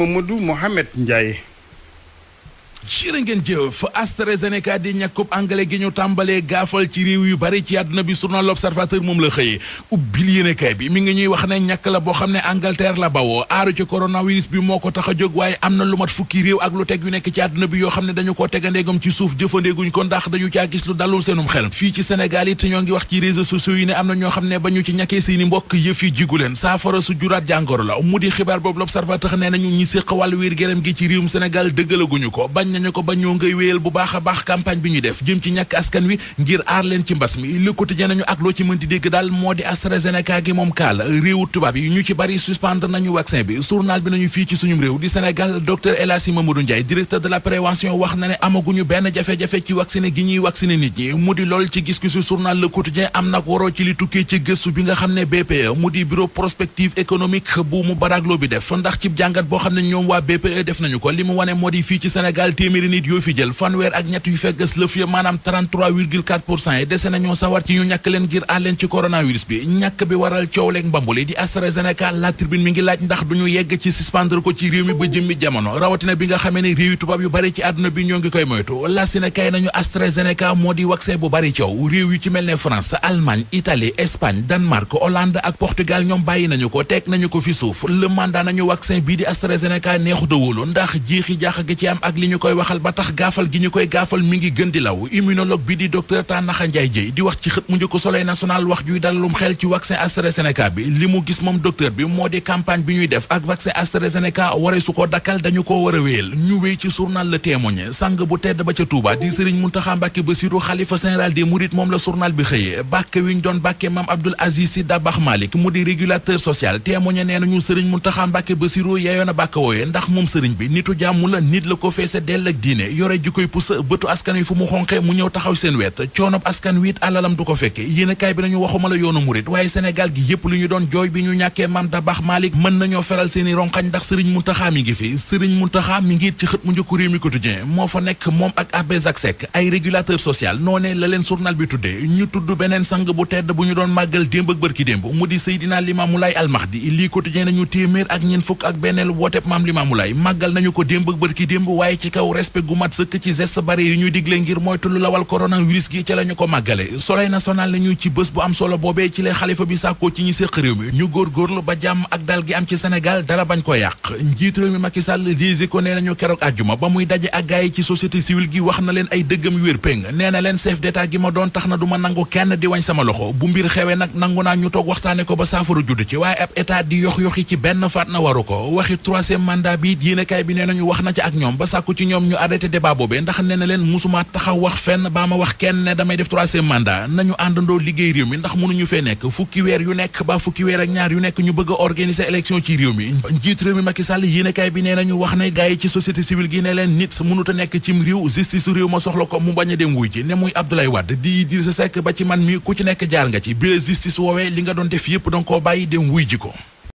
Mamadou Mohamed Ndiaye jërë ngeen jëf AstraZeneca di ñàkkub anglais gi ñu tàmbalee gaafal ci réew yu bari ci àdduna bi journal L'Observateur moom la xëyee ubbil yéenekaay bi mi ngi ñuy wax ne ñàkk la boo xam ne Angleterre la bawoo aaru ci coronavirus bi moo ko tax a jóg waaye am na lu mat fukki réew ak lu teg yu nekk ci àdduna bi yoo xam ne dañu koo tegandeegam ci suuf jëfandeeguñ ko ndax dañu caa gis lu dalul seenum xel fii ci Sénégal it ñoo ngi wax ci réseaux sociaux yi ne ñoo xam ne ba ñu ci ñàkkee seeni mbokk yëf yi leen saafara su juraat jàngoro la mu di xibaar boobu L'Observateur nee nañu ñi séq wàllu wér-gu-yaram gi ci réewum Sénégal ko bañ bañ nañu ko ba ñoo ngay wéyal bu baax a baax campagne bi ñu def jëm ci ñàkk askan wi ngir aar leen ci mbas mi Le Quotidien nañu ak loo ci mën di dégg daal moo di AstraZeneca gi moom kaal réewu tubaab yi ñu ci bari suspendre nañu vaccin bi journal bi nañu fii ci suñu réew di Sénégal docteur El Hadji Mamadou Ndiaye directeur de la prévention wax na ne amaguñu benn jafe-jafe ci vacciné gi ñuy vacciné nit ñi mu di lool ci gis-gisu journal Le Quotidien am nag waroo ci li tukkee ci gëstu bi nga xam ne BPE mu di bureau prospective économique bu mu baraagloo bi def ndax ci jàngat boo xam ne ñoom waa BPE def nañu ko li mu wane moo di fii ci Sénégal téeméeri nit yoo fi jël fanweer ak ñett yu fekkas lëf ya yi dese nañoo sawar ci ñu ñàkk leen ngir àl ci coronavirus bi ñàkk bi waral coow leeg mbambule di AstraZeneca la tribune mi ngi laaj ndax duñu yegg ci suspendre ko ci réew mi ba jëmmi jamono rawatina bi nga xamee ne réew yi tubaab yu bari ci àdduna bi ñoo ngi koy moytu la kay nañu AstraZeneca moo di vaccin bu bari coow réew yu ci mel ne France Allemagne Italie Espagne Danemark koy waxal ba tax gaafal gi ñu koy gaafal mi ngi gën di law immunologue bi di docteur Tanaxa Njaay Jéy di wax ci xët mu njëkk Soleil national wax juy dalalum xel ci vaccin AstraZeneca bi li mu gis moom docteur bi moo di campagne bi ñuy def ak vaccin AstraZeneca waree su ko dakkal dañu ko war a ñu wéy ci journal la Témoin sang bu tedd ba ca Touba di Serigne Mountakha Mbacké Bassirou xalifa général des mourides moom la journal bi xëyee bàkke wi ñu doon bàkke Mame Abdoul Aziz Sy Dabakh Malick mu di régulateur social Témoin nee nañu Serigne Mountakha Mbacké a sell ak diine yore ji koy pusa bëtu askan wi fu mu xonqe mu ñëw taxaw seen wet coonob askan wi it alalam du ko fekke yéen bi nañu waxuma la yoonu murit waaye Sénégal gi yépp li ñu doon jooy bi ñu ñàkkee Maam Dabax Malick mën nañoo feral seeni ronqañ ndax Serigne Mountakha mi ngi fi Serigne Mountakha mi ngi it ci xët mu njëkk Rewmi Quotidien moo fa nekk moom ak Abbé Jacques Seck ay régulateur social noo la leen journal bi tuddee ñu tudd beneen sang bu tedd bu ñu doon màggal démb ak bërki démb mu di Seydina Limaamu Laay Almahdi lii Quotidien nañu téeméer ak ñeen fukk ak benneelu wooteb Maam Limaamu Laay màggal nañu ko démb ak bërki démb waaye ci kaw aw respect gu mat sëkk ci geste barrière yi ñu digle ngir moytu lu lawal coronavirus gi ca la ñu ko màggale soleil national nañu ci bés bu am solo boobee ci la xalifa bi sàkkoo ci ñi séq réew mi ñu góorgóorlu ba jàmm ak dal gi am ci senegal dara bañ ko yàq njiit réew mi Macky Sall dise ko nee nañu keroog àjjuma ba muy daje ak gaay yi ci société civile gi wax na leen ay dëggam yu wér péng nee na leen chef d'état gi ma doon tax na du ma nangu kenn di wañ sama loxo bu mbir xewee nag nangu naa ñu toog waxtaane ko ba saafara judd ci waaye ab état di yox ci benn faat na waru ko waxi troisième mandat bi yéenekaay bi nee nañu wax na ci ak ñoom ba sàkku ci ñoom ñu arrêté débat boobee ndax nee na leen musuma taxaw wax fenn baa ma wax kenn ne damay def troisième mandat nañu àndandoo liggéey réew mi ndax mënuñu fee nekk fukki weer yu nekk ba fukki weer ñaar yu nekk ñu bëgg a organiser élection ci réew mi njiit réew mi Macky Sall yéenekaay bi nee nañu wax ne gars yi ci société civile gi ne leen nit mënuta nekk cim réew justice réew ma soxla ko mu bañ a dem wuy ji ne muy Abdoulaye Wade di Idrissa Seck ba ci man mi ku ci nekk jaar nga ci bi la justice woowee li nga doon def yëpp danga koo bàyyi dem wuy ji ko